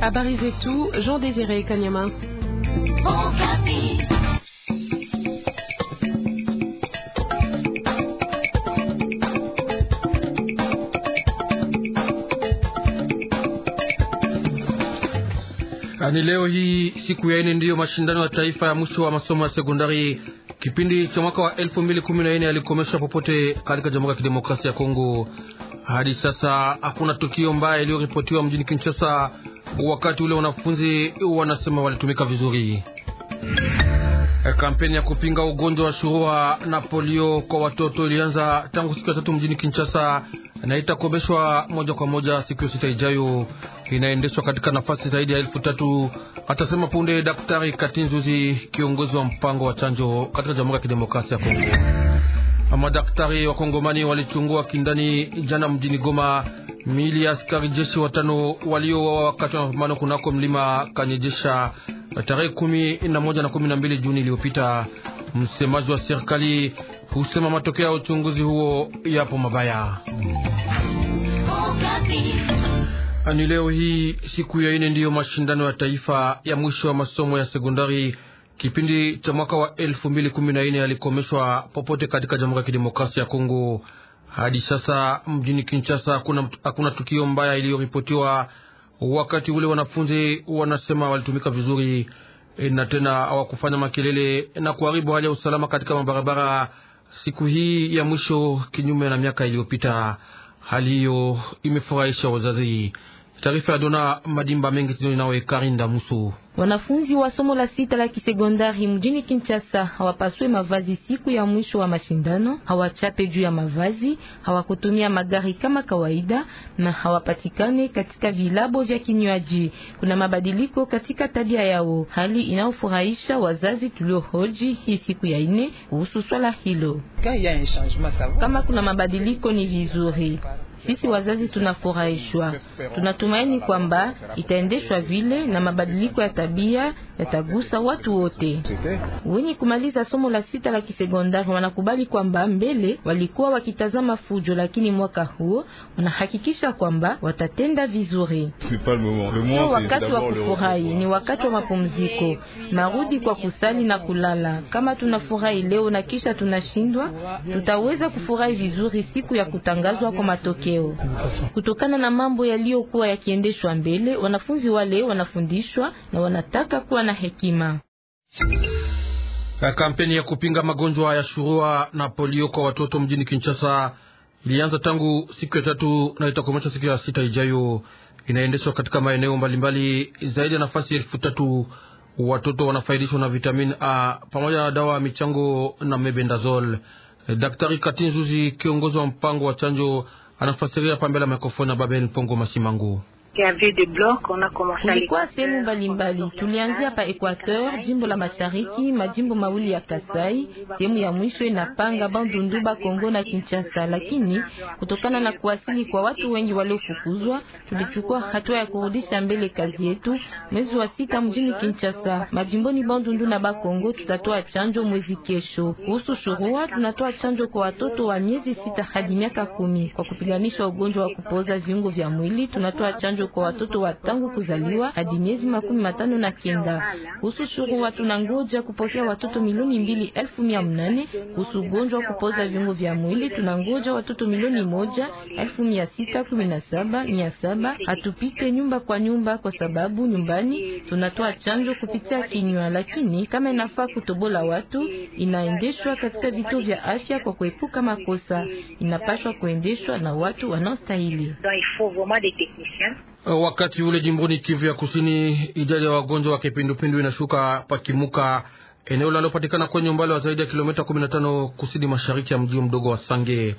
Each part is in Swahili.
Habari zetu Jean Désiré Kanyama. Ani leo hii siku ya ine ndiyo mashindano ya taifa ya mwisho wa masomo ya sekondari. Kipindi cha mwaka wa 2014 alikomesha popote katika Jamhuri ya Kidemokrasia ya Kongo. Hadi sasa hakuna tukio mbaya iliyoripotiwa mjini Kinshasa, wakati ule wanafunzi wanasema walitumika vizuri. Kampeni ya kupinga ugonjwa wa shurua na polio kwa watoto ilianza tangu siku ya tatu mjini Kinshasa na itakomeshwa moja kwa moja siku ya sita ijayo. Inaendeshwa katika nafasi zaidi ya elfu tatu, atasema punde Daktari Katinzuzi, kiongozi wa mpango wa chanjo katika Jamhuri ya Kidemokrasia ya Kongo. Madaktari wakongomani walichungua kindani jana mjini Goma miili ya askari jeshi watano waliowawa wakati wa mapambano kunako mlima Kanyejesha tarehe kumi na moja na kumi na mbili Juni iliyopita. Msemaji wa serikali husema matokeo ya uchunguzi huo yapo mabaya. Ni leo hii siku ya ine ndiyo mashindano ya taifa ya mwisho wa masomo ya sekondari Kipindi cha mwaka wa elfu mbili kumi na nne alikomeshwa popote katika Jamhuri ya Kidemokrasia ya Kongo. Hadi sasa mjini Kinshasa hakuna, hakuna tukio mbaya iliyoripotiwa. Wakati ule wanafunzi wanasema walitumika vizuri eh, na tena hawakufanya makelele na kuharibu hali ya usalama katika mabarabara siku hii ya mwisho, kinyume na miaka iliyopita. Hali hiyo imefurahisha wazazi. Taarifa ya Dona Madimba mengi tidoni inawe Karinda Musu. Wanafunzi wa somo la sita la kisekondari mjini Kinshasa hawapaswe mavazi siku ya mwisho wa mashindano, hawachape juu ya mavazi, hawakutumia magari kama kawaida na hawapatikane katika vilabo vya kinywaji. Kuna mabadiliko katika tabia yao, hali inayofurahisha wazazi tuliohoji hii siku ya ine kuhusu swala hilo. Kama kuna mabadiliko ni vizuri. Sisi wazazi tunafurahishwa, tunatumaini kwamba itaendeshwa vile na mabadiliko ya tabia yatagusa watu wote. Wenye kumaliza somo la sita la kisekondari wanakubali kwamba mbele walikuwa wakitazama fujo, lakini mwaka huo wanahakikisha kwamba watatenda vizuri. Sio wakati wa kufurahi, ni wakati wa mapumziko, marudi kwa kusali na kulala. Kama tunafurahi leo na kisha tunashindwa, tutaweza kufurahi vizuri siku ya kutangazwa kwa matokeo leo. Kutokana na mambo yaliyokuwa yakiendeshwa mbele, wanafunzi wale wanafundishwa na wanataka kuwa na hekima. Kampeni ya kupinga magonjwa ya shurua na polio kwa watoto mjini Kinshasa ilianza tangu siku ya tatu na itakomesha siku ya sita ijayo. Inaendeshwa katika maeneo mbalimbali, zaidi ya nafasi elfu tatu. Watoto wanafaidishwa na vitamini A pamoja na dawa ya michango na mebendazol. Daktari Katinzuzi, kiongozi wa mpango wa chanjo anafasiria pambele ya mikrofoni ya Babel Mpongo Masimangu. Kulikuwa sehemu mbalimbali, tulianzia pa Equateur, jimbo la mashariki, majimbo mawili ya Kasai, sehemu ya mwisho inapanga Bandundu, Bakongo na Kinshasa. Lakini kutokana na kuwasili kwa watu wengi waliofukuzwa, tulichukua hatua ya kurudisha mbele kazi yetu. Mwezi wa sita mjini Kinshasa, majimboni Bandundu na Bakongo, tutatoa chanjo mwezi kesho. Kuhusu shurua, tunatoa chanjo kwa watoto wa miezi sita hadi miaka kumi. Kwa kupiganisha ugonjwa wa kupoza viungo vya mwili, tunatoa chanjo chanjo kwa watoto wa tangu kuzaliwa hadi miezi makumi matano na kenda. Kuhusu shurua, tunangoja kupokea watoto milioni mbili elfu mia mnane. Kuhusu ugonjwa wa kupoza viungo vya mwili, tunangoja watoto milioni moja elfu mia sita kumi na saba mia saba. Hatupite nyumba kwa nyumba, kwa sababu nyumbani tunatoa chanjo kupitia kinywa, lakini kama inafaa kutobola watu, inaendeshwa katika vituo vya afya kwa kuepuka makosa. Inapaswa kuendeshwa na watu wanaostahili. Il faut vraiment des techniciens. Eh, wakati ule jimboni Kivu ya Kusini, idadi ya wagonjwa wa kipindupindu inashuka pakimuka, eneo linalopatikana kwenye umbali wa zaidi ya kilomita 15 kusini mashariki ya mji mdogo wa Sange.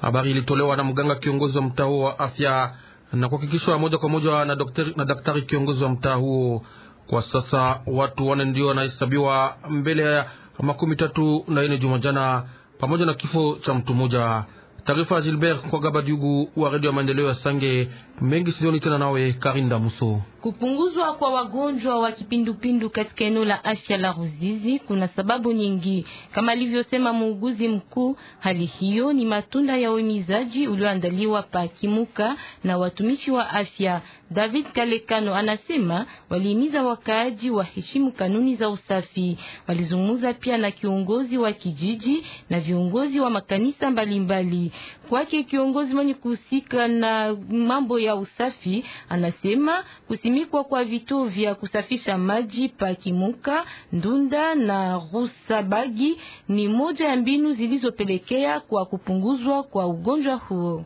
Habari ilitolewa na mganga kiongozi wa mtaa huo wa afya na kuhakikishwa moja kwa moja na daktari, na daktari kiongozi wa mtaa huo. Kwa sasa watu wane ndio wanahesabiwa mbele ya makumi tatu na ine jumajana, pamoja na kifo cha mtu mmoja. Taarifa ya Gilbert kwa Gabadyugu wa redio ya maendeleo ya Sange. Mengi sioni tena, nawe Karinda Muso. Kupunguzwa kwa wagonjwa wa kipindupindu katika eneo la afya la Ruzizi kuna sababu nyingi, kama alivyosema muuguzi mkuu. Hali hiyo ni matunda ya uhimizaji ulioandaliwa pa Kimuka na watumishi wa afya. David Kalekano anasema walihimiza wakaaji waheshimu kanuni za usafi. Walizungumza pia na kiongozi wa kijiji na viongozi wa makanisa mbalimbali mbali. Kwake kiongozi mwenye kuhusika na mambo ya usafi anasema kusimikwa kwa vituo vya kusafisha maji pa kimuka Ndunda na Rusabagi ni moja ya mbinu zilizopelekea kwa kupunguzwa kwa ugonjwa huo.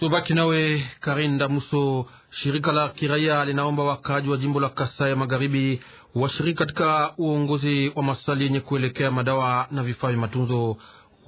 Tubaki nawe Karinda Muso. Shirika la kiraia linaomba wakaaji wa jimbo la Kasai ya Magharibi washiriki katika uongozi wa maswali yenye kuelekea madawa na vifaa vya matunzo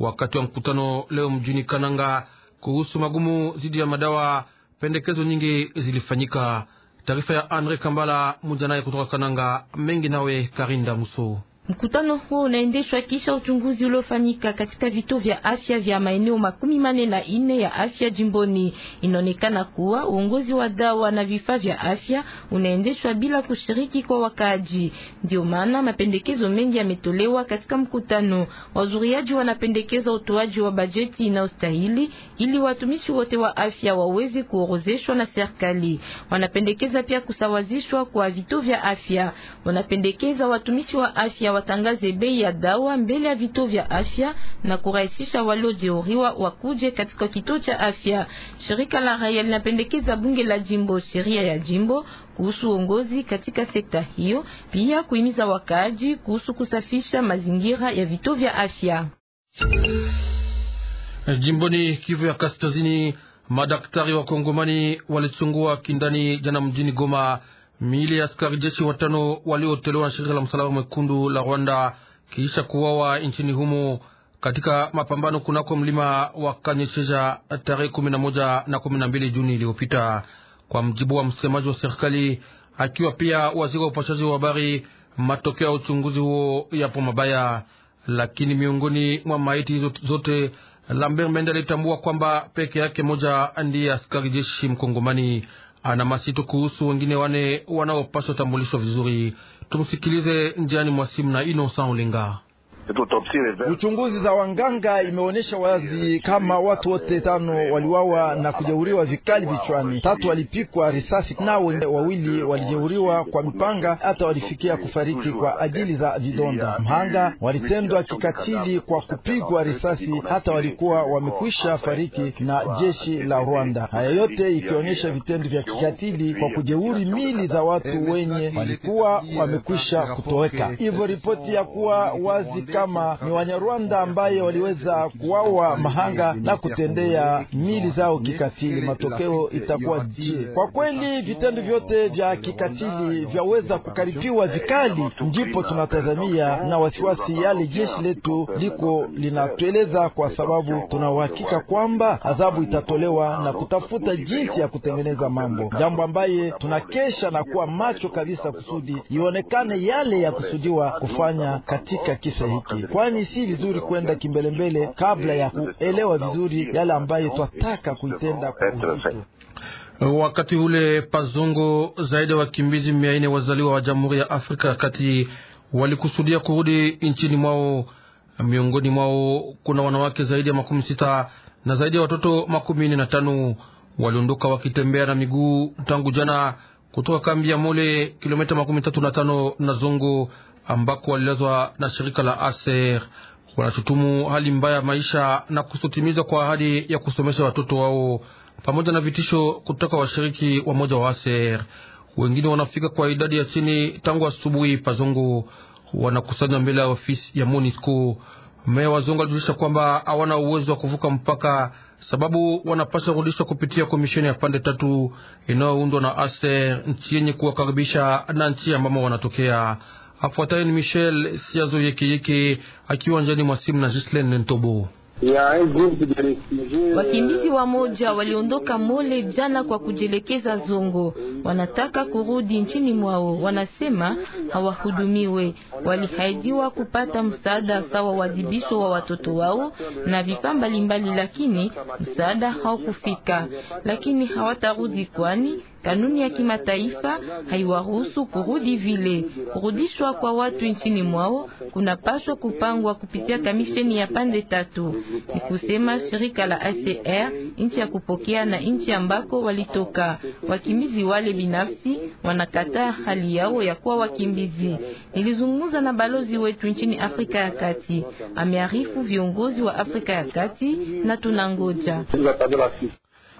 wakati wa mkutano leo mjini Kananga kuhusu magumu dhidi ya madawa. Pendekezo nyingi zilifanyika. Taarifa ya Andre Kambala mujanaye kutoka Kananga mengi nawe Karinda Muso. Mkutano huo unaendeshwa kisha uchunguzi uliofanyika katika vituo vya afya vya maeneo makumi mane na ine ya afya jimboni. Inaonekana kuwa uongozi wa dawa na vifaa vya afya unaendeshwa bila kushiriki kwa wakaaji. Ndio maana mapendekezo mengi yametolewa katika mkutano. Wazuriaji wanapendekeza utoaji wa bajeti inayostahili ili watumishi wote wa afya waweze kuorozeshwa na serikali. Wanapendekeza pia kusawazishwa kwa vituo vya afya. Wanapendekeza watumishi wa afya watangaze bei ya dawa mbele ya vituo vya afya na kurahisisha waliojeruhiwa wakuje katika kituo cha afya. Shirika la raia linapendekeza bunge la jimbo sheria ya jimbo kuhusu uongozi katika sekta hiyo, pia kuhimiza wakaaji kuhusu kusafisha mazingira ya vituo vya afya. Jimboni Kivu ya Kaskazini, madaktari wa Kongomani walichungua kindani jana mjini Goma Miili ya askari jeshi watano waliotolewa na shirika la msalaba mwekundu la Rwanda kisha kuwawa nchini humo katika mapambano kunako mlima wa Kanyesheja tarehe kumi na moja na kumi na mbili Juni iliyopita, kwa mjibu wa msemaji wa serikali akiwa pia waziri wa upashaji wa habari. Matokeo ya uchunguzi huo yapo mabaya, lakini miongoni mwa maiti hizo zote Lambert Mende alitambua kwamba peke yake moja ndiye askari jeshi mkongomani ana masito kuhusu wengine wane wanaopaswa tambulisho vizuri. Tumsikilize njiani mwa simu na Innocent Ulinga. Eh? Uchunguzi za wanganga imeonyesha wazi kama watu wote tano waliwawa na kujeuriwa vikali vichwani, tatu walipikwa risasi na wawili walijeuriwa kwa mipanga, hata walifikia kufariki kwa ajili za vidonda. Mhanga walitendwa kikatili kwa kupigwa risasi, hata walikuwa wamekwisha fariki na jeshi la Rwanda. Haya yote ikionyesha vitendo vya kikatili kwa kujeuri mili za watu wenye walikuwa wamekwisha kutoweka. Hivyo ripoti ya kuwa wazi kama ni Wanyarwanda ambaye waliweza kuwawa mahanga na kutendea mili zao kikatili. Matokeo itakuwa je? Kwa kweli vitendo vyote vya kikatili vyaweza kukaribiwa vikali, ndipo tunatazamia na wasiwasi yale jeshi letu liko linatueleza, kwa sababu tunauhakika kwamba adhabu itatolewa na kutafuta jinsi ya kutengeneza mambo, jambo ambaye tunakesha na kuwa macho kabisa kusudi ionekane yale ya kusudiwa kufanya katika kisa hiki hiki, kwani si vizuri kwenda kimbelembele kabla ya kuelewa vizuri yale ambayo twataka kuitenda kwa uzito. Wakati ule Pazongo, zaidi ya wakimbizi mia nne wazaliwa wa Jamhuri ya Afrika ya Kati walikusudia kurudi nchini mwao. Miongoni mwao kuna wanawake zaidi ya makumi sita na zaidi ya watoto makumi nne na tano waliondoka wakitembea na miguu tangu jana kutoka kambi ya Mole, kilomita makumi tatu na tano na Zongo ambako walilazwa na shirika la ASER. Wanashutumu hali mbaya ya maisha na kusutimiza kwa ahadi ya kusomesha watoto wao pamoja na vitisho kutoka washiriki wa moja wa ASER. Wengine wanafika kwa idadi ya chini tangu asubuhi Pazongo, wanakusanywa mbele ya ofisi ya MONUSCO. Meya wa Zongo alijulisha kwamba hawana uwezo wa kuvuka mpaka sababu wanapasha rudishwa kupitia komisheni ya pande tatu inayoundwa na ASER, nchi yenye kuwakaribisha na nchi ambamo wanatokea. Afuatayo ni Michel Siazo Yekeyeke akiwa njani mwasimu na Jislen Ntobo. Eh, Wakimbizi wa moja waliondoka Mole jana kwa kujelekeza Zongo, wanataka kurudi nchini mwao. Wanasema hawahudumiwe, walihaidiwa kupata msaada sawa wadhibisho wa watoto wao na vifaa mbalimbali, lakini msaada haukufika. Lakini hawatarudi kwani Kanuni ya kimataifa haiwaruhusu kurudi vile. Kurudishwa kwa watu nchini mwao kunapaswa kupangwa kupitia kamisheni ya pande tatu, ni kusema shirika la ACR, nchi ya kupokea na nchi ambako walitoka. Wakimbizi wale binafsi wanakataa hali yao ya kuwa wakimbizi. Nilizungumza na balozi wetu nchini Afrika ya Kati, amearifu viongozi wa Afrika ya Kati na tunangoja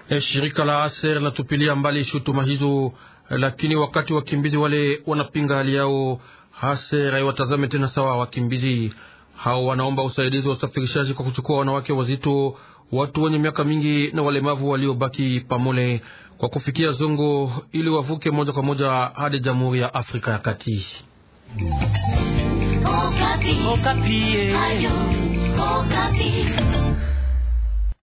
E, shirika la Aser latupilia mbali shutuma hizo, eh, lakini wakati wakimbizi wale wanapinga hali yao, Aser haiwatazame tena sawa wakimbizi hao. Wanaomba usaidizi wa usafirishaji kwa kuchukua wanawake wazito, watu wenye miaka mingi na walemavu waliobaki pamole kwa kufikia Zongo ili wavuke moja kwa moja hadi Jamhuri ya Afrika ya Kati. Okapi. Okapi. Eh. Ayo. Okapi.